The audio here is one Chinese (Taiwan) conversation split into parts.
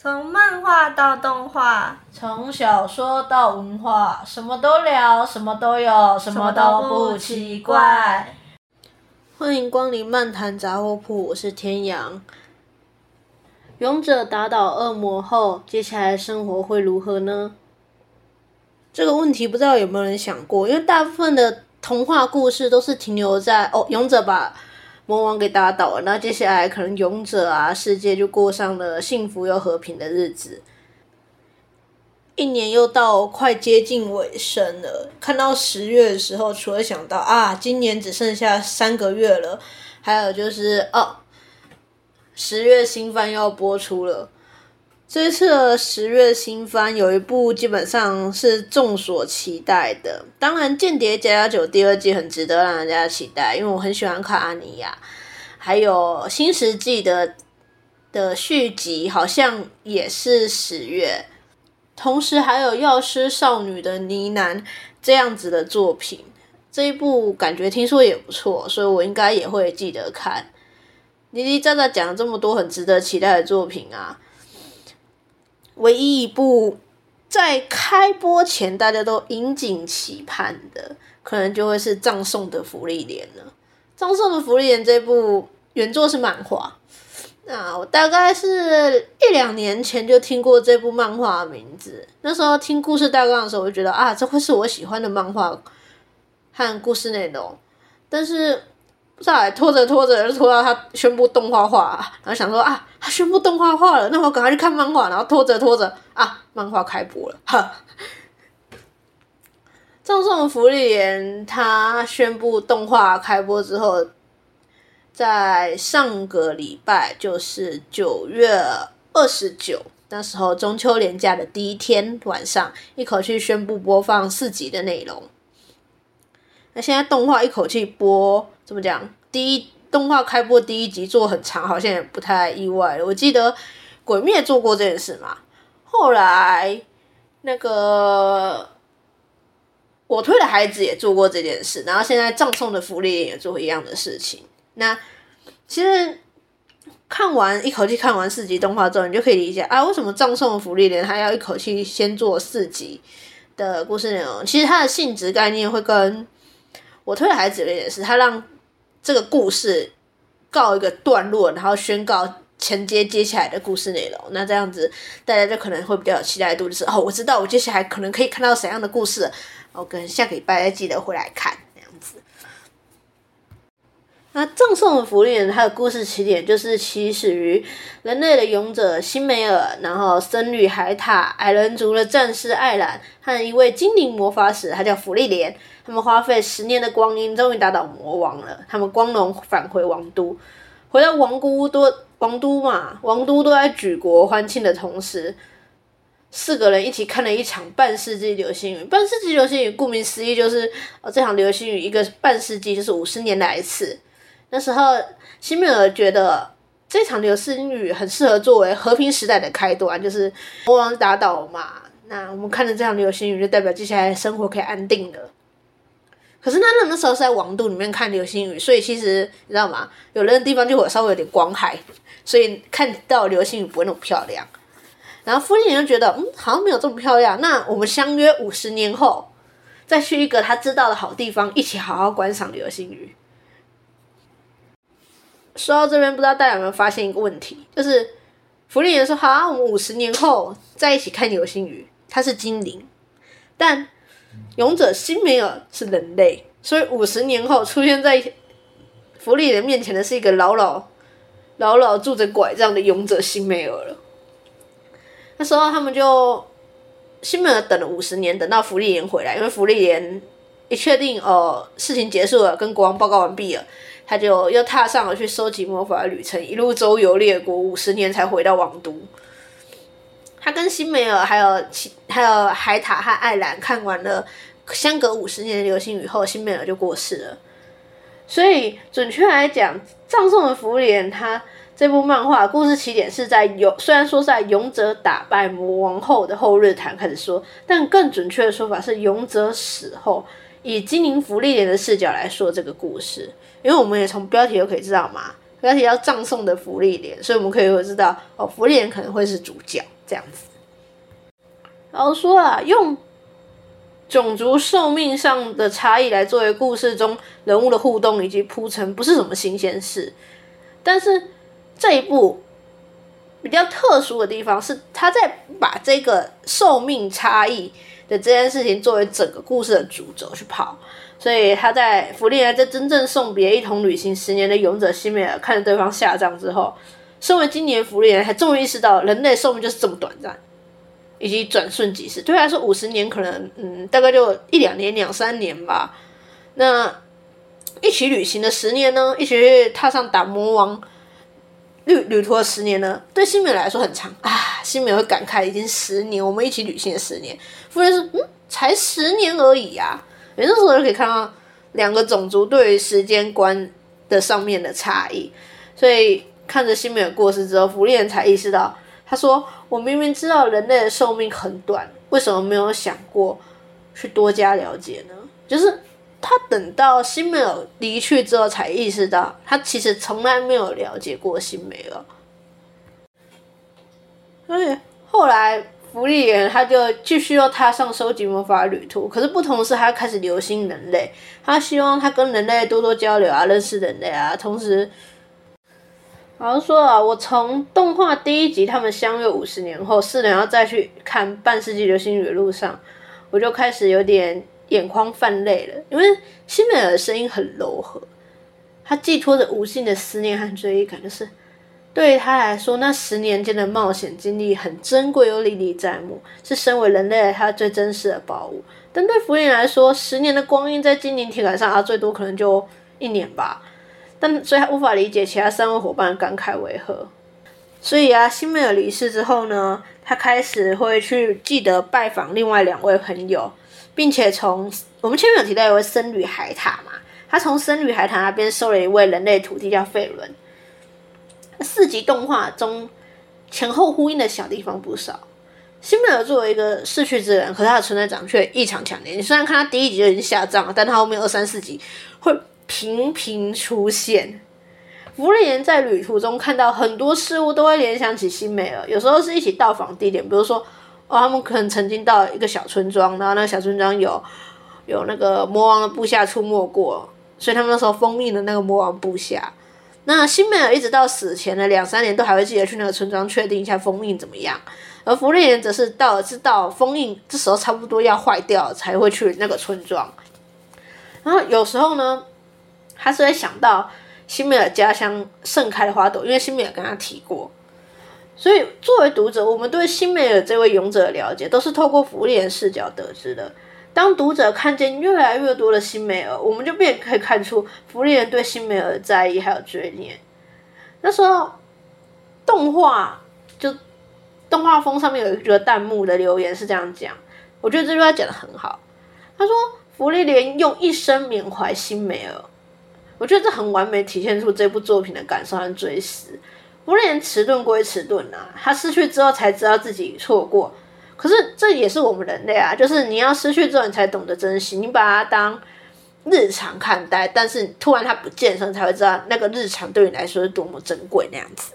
從漫畫到動畫，從小說到文化，什麼都聊，什麼都有，什麼都不奇怪。奇怪，歡迎光臨漫談雜貨鋪，我是天陽。勇者打倒惡魔後，接下來生活會如何呢？這個問題不知道有沒有人想過，因為大部分的童話故事都是停留在哦，勇者把，魔王給打倒了，那接下來可能勇者啊，世界就過上了幸福又和平的日子。一年又到快接近尾聲了，看到十月的時候，除了想到啊，今年只剩下三個月了，還有就是哦，十月新番要播出了。這次的十月新番有一部基本上是眾所期待的，當然《間諜家家酒》第二季很值得讓大家期待，因為我很喜歡看阿尼亞。還有《新石紀》的的續集好像也是十月，同時還有《藥師少女的呢喃》這樣子的作品，這一部感覺聽說也不錯，所以我應該也會記得看。滴妮在這講這麼多很值得期待的作品啊！唯一一部在開播前大家都引頸期盼的，可能就會是《葬送的芙莉蓮》了。《葬送的芙莉蓮》這部原作是漫畫，那我大概是一兩年前就聽過這部漫畫的名字。那時候聽故事大綱的時候，我就覺得啊，這會是我喜歡的漫畫和故事內容，但是。在、欸、拖着拖着就拖到他宣布動畫化，然後想說啊，他宣布動畫化了，那我趕快去看漫畫。然後拖着拖着啊，漫畫開播了。葬送芙莉蓮他宣布動畫開播之後，在上個禮拜就是九月二十九，那時候中秋連假的第一天晚上，一口氣宣布播放四集的內容。那現在動畫一口氣播，怎麼講？第一動畫開播第一集做很長，好像也不太意外了。我記得《鬼滅》做過這件事嘛，後來那個我推的孩子也做過這件事，然後現在葬送的芙莉蓮也做一樣的事情。那其實看完，一口氣看完四集動畫之後，你就可以理解啊，為什麼葬送的芙莉蓮他要一口氣先做四集的故事內容？其實它的性質概念會跟。我推的孩子們也是，他讓這個故事告一個段落，然後宣告銜接接下來的故事內容。那這樣子，大家就可能會比較有期待度，就是哦，我知道我接下來可能可以看到什麼樣的故事，哦，我可能下個禮拜再記得回來看。那、啊《葬送的芙莉蓮》它的故事起點就是起始於人類的勇者欣梅爾，然後僧侶海塔，矮人族的戰士艾冉和一位精靈魔法使，他叫芙莉蓮。他們花費十年的光陰，終於打倒魔王了。他們光榮返回王都，回到王都都王都嘛，王都都在舉國歡慶的同時，四個人一起看了一場半世紀流星雨。半世紀流星雨，顧名思義，就是、哦、這場流星雨一個半世紀就是五十年來一次。那時候，欣梅爾覺得這場流星雨很適合作為和平時代的開端，就是魔王打倒嘛。那我們看着這場流星雨，就代表接下來生活可以安定了。可是那那時候是在王都裡面看流星雨，所以其實你知道嗎？有人的地方就會稍微有點光害，所以看到流星雨不會那麼漂亮。然後芙莉蓮就覺得，嗯，好像沒有這麼漂亮。那我們相約五十年後，再去一個他知道的好地方，一起好好觀賞流星雨。說到這邊，不知道大家有沒有發現一個問題，就是芙莉蓮說：“好啊，我們五十年後在一起看流星雨，他是精靈。但”但勇者欣梅爾是人類，所以五十年後出現在芙莉蓮面前的是一個老老老老拄著拐杖的勇者欣梅爾了。那時候他們就欣梅爾等了五十年，等到芙莉蓮回來，因為芙莉蓮一確定哦、呃，事情結束了，跟國王報告完畢了，他就又踏上了去收集魔法的旅程，一路周遊列國，五十年才回到王都。他跟欣梅爾還有還有海塔和艾冉看完了相隔五十年的流星雨後，欣梅爾就過世了。所以，準確來講，《葬送的芙莉蓮》它這部漫畫故事起點是在勇，雖然說在勇者打敗魔王後的後日談開始說，但更準確的說法是勇者死後。以精靈芙莉蓮的視角來說這個故事，因為我們也從標題就可以知道嘛，標題叫葬送的芙莉蓮，所以我們可以知道哦，芙莉蓮可能會是主角這樣子。然後說啊，用種族壽命上的差異來作為故事中人物的互動以及鋪陳，不是什麼新鮮事。但是這一部比較特殊的地方是，他在把這個壽命差異。對這件事情作為整個故事的主軸去跑，所以他在芙莉蓮在真正送別一同旅行十年的勇者欣梅爾，看着對方下葬之後，身為精靈芙莉蓮才終於意識到人類壽命就是這麼短暫，以及轉瞬即逝。對他來說五十年可能，嗯，大概就一兩年、兩三年吧。那一起旅行的十年呢？一起去踏上打魔王旅旅途的十年呢？對欣梅爾來說很長啊。欣梅爾會感慨，已經十年，我們一起旅行了十年。芙莉蓮說：“嗯，才十年而已呀、啊。”，也這時候就可以看到兩個種族對於時間觀的上面的差異。所以看着欣梅爾過世之後，芙莉蓮才意識到，他說：“我明明知道人類的壽命很短，為什麼沒有想過去多加了解呢？”就是他等到欣梅爾離去之後，才意識到他其實從來沒有了解過欣梅爾了。所以後來，芙莉蓮他就繼續要踏上收集魔法旅途。可是，不同是，他開始留心人類，他希望他跟人類多多交流啊，認識人類啊。同時，好像說啊，我從動畫第一集他們相約五十年後，四人要再去看半世紀流星雨的路上，我就開始有點眼眶泛淚了，因為欣梅爾的聲音很柔和，他寄托着無盡的思念和追憶感，就是。對於他來說，那十年間的冒險經歷很珍貴，又歷歷在目，是身為人類的他最真實的寶物。但對芙莉蓮來說，十年的光陰在精靈體感上，他、啊、最多可能就一年吧。但所以，他無法理解其他三位夥伴的感慨為何。所以啊，欣梅爾離世之後呢，他開始會去記得拜訪另外兩位朋友，並且從我們前面有提到一位僧侶海塔嘛，他從僧侶海塔那邊收了一位人類徒弟叫費倫。四集動畫中前後呼應的小地方不少。欣梅爾作為一個逝去之人，可是他的存在感卻異常強烈。你雖然看他第一集就已經下葬了，但他後面二三四集會頻頻出現。芙莉蓮在旅途中看到很多事物，都會聯想起欣梅爾。有時候是一起到訪地點，比如說哦，他們可能曾經到一個小村莊，然後那個小村莊有有那個魔王的部下出沒過，所以他們那時候封印了那個魔王部下。那欣梅爾一直到死前的兩三年都還會記得去那個村莊確定一下封印怎麼樣，而芙莉蓮則是到知道封印這時候差不多要壞掉了才會去那個村莊，然後有時候呢，他是會想到欣梅爾家鄉盛開的花朵，因為欣梅爾跟他提過，所以作為讀者，我們對欣梅爾這位勇者的了解都是透過芙莉蓮視角得知的。當讀者看見越來越多的欣梅爾，我們就變可以看出芙莉蓮對欣梅爾的在意還有追念。那時候，動畫就動畫瘋上面有一個彈幕的留言是這樣講，我覺得這句話講得很好。他說芙莉蓮用一生緬懷欣梅爾，我覺得這很完美體現出這部作品的感受和追思。芙莉蓮遲鈍歸遲鈍啊，他失去之後才知道自己錯過。可是這也是我們人類啊，就是你要失去之後，你才懂得珍惜。你把它當日常看待，但是你突然它不見的時候，才會知道那個日常對你來說是多麼珍貴那樣子。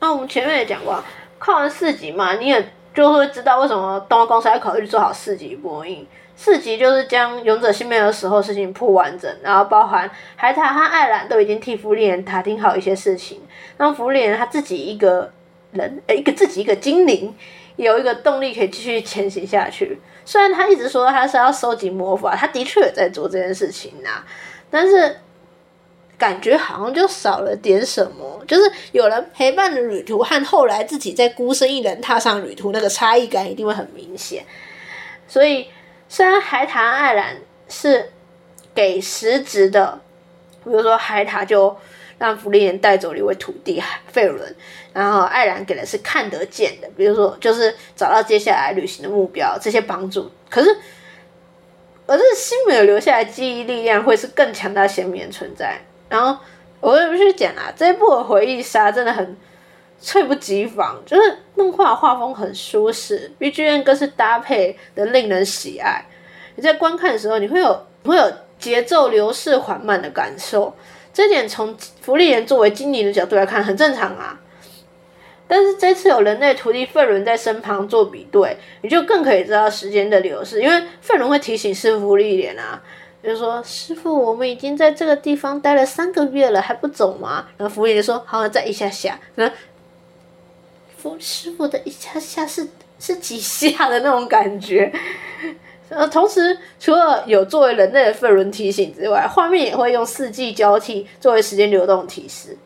那、啊、我們前面也講過、啊，看完四集嘛，你也就會知道為什麼東映公司要考慮做好四集播映。四集就是將勇者欣梅爾的時候的事情鋪完整，然後包含海塔和艾冉都已經替芙莉蓮打聽好一些事情，那芙莉蓮他自己一個人一自己，一個，自己一個精靈，有一個動力可以繼續前行下去。雖然他一直說他是要收集魔法，他的確也在做這件事情吶、啊，但是感覺好像就少了點什麼。就是有人陪伴的旅途和後來自己在孤身一人踏上旅途那個差異感一定會很明顯。所以，雖然海塔艾冉是給實質的，比如說海塔就。讓芙莉蓮帶走一位徒弟費倫，然後艾冉給的是看得見的，比如說就是找到接下來旅行的目標，這些幫助。可是，而是欣梅爾留下來的記憶力量會是更強大鮮明的存在。然後我也不去講了、啊，這一部回憶殺真的很猝不及防，就是動畫畫風很舒適，BGM 更是搭配的令人喜愛。你在觀看的時候，你會有你會有節奏流逝緩慢的感受。這點從芙莉蓮作為精靈的角度來看很正常啊，但是這次有人類徒弟費倫在身旁做比對，你就更可以知道時間的流逝，因為費倫會提醒師傅芙莉蓮啊，就是說師傅，我們已經在這個地方待了三個月了，還不走嗎？然後芙莉蓮說，好，再一下下，師傅的一下下是是幾下的那種感覺。呃，同時除了有作為人類的費倫提醒之外，畫面也會用四季交替作為時間流動提示。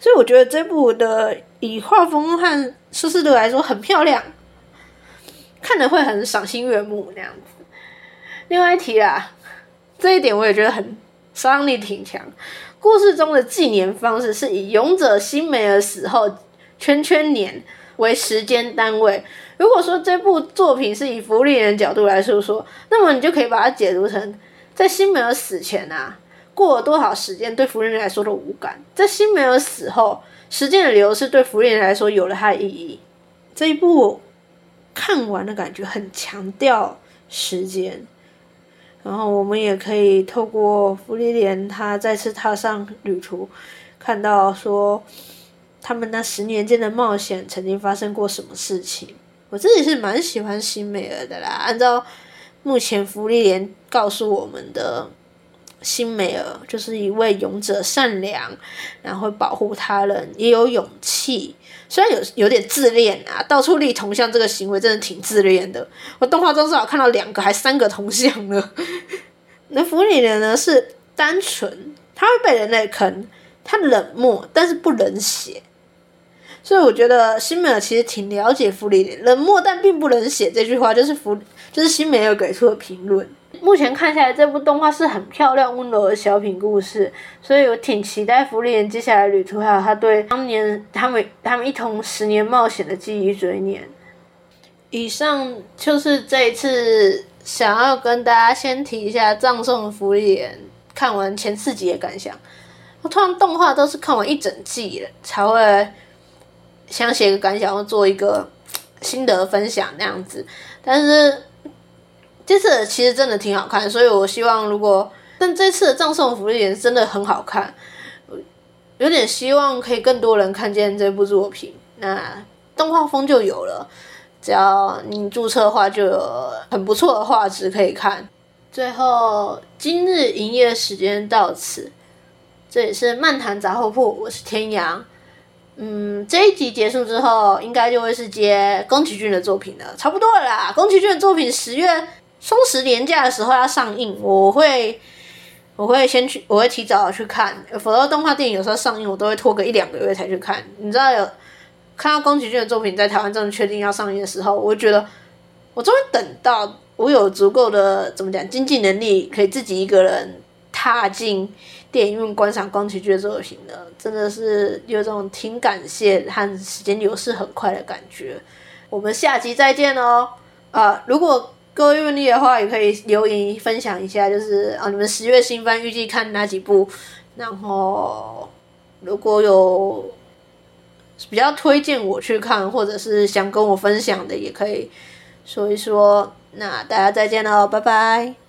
所以我覺得這部的以畫風和舒適度來說很漂亮，看着會很賞心悅目那樣子。另外一提啊，這一點我也覺得很殺傷力挺強。故事中的紀年方式是以勇者欣梅爾死後圈圈年，為時間單位。如果說這部作品是以芙莉蓮的角度來述說，那麼你就可以把它解讀成，在欣梅爾死前啊，過了多少時間對芙莉蓮來說都無感；在欣梅爾死後，時間的流逝對芙莉蓮來說有了它的意義。這一部看完的感覺很強調時間，然後我們也可以透過芙莉蓮他再次踏上旅途，看到說。他們那十年間的冒險曾經發生過什麼事情？我自己是蠻喜歡欣梅爾的啦。按照目前芙莉蓮告訴我們的，欣梅爾就是一位勇者、善良，然後保護他人，也有勇氣。雖然有有點自戀啊，到處立銅像這個行為真的挺自戀的。我動畫中至少看到兩個，還三個銅像呢。那芙莉蓮呢是單純，他會被人類坑，他冷漠，但是不冷血。所以我覺得欣梅爾其實挺了解芙莉蓮。冷漠但並不冷血這句話就是芙就是欣梅爾給出的評論。目前看下來，這部動畫是很漂亮、溫柔的小品故事，所以我挺期待芙莉蓮接下來旅途，還有他對當年他們他們一同十年冒險的記憶追念。以上就是這一次想要跟大家先提一下葬送芙莉蓮看完前四集的感想。我通常動畫都是看完一整季了才會。想寫個感想，或做一個心得分享那樣子，但是這次其實真的挺好看，所以我希望如果，但這次的葬送的芙莉蓮真的很好看，有點希望可以更多人看見這部作品。那動畫風就有了，只要你註冊的話，就有很不錯的畫質可以看。最後，今日營業時間到此，這裡是漫談雜貨鋪，我是天陽。嗯，這一集結束之後，應該就會是接宮崎駿的作品了，差不多啦。宮崎駿的作品十月雙十連假的時候要上映，我會我會先去，我會提早去看，否則動畫電影有時候上映，我都會拖個一兩個月才去看。你知道有看到宮崎駿的作品在台灣真的確定要上映的時候，我就覺得我終於等到，我有足夠的怎麼講經濟能力，可以自己一個人踏進。電影院觀賞宮崎駿作品的，真的是有種挺感謝和時間流逝很快的感覺。我們下集再見哦！啊，如果各位願意的話，也可以留言分享一下，就是啊，你們十月新番預計看哪幾部？然後如果有比較推薦我去看，或者是想跟我分享的，也可以說一說。那大家再見嘍，拜拜。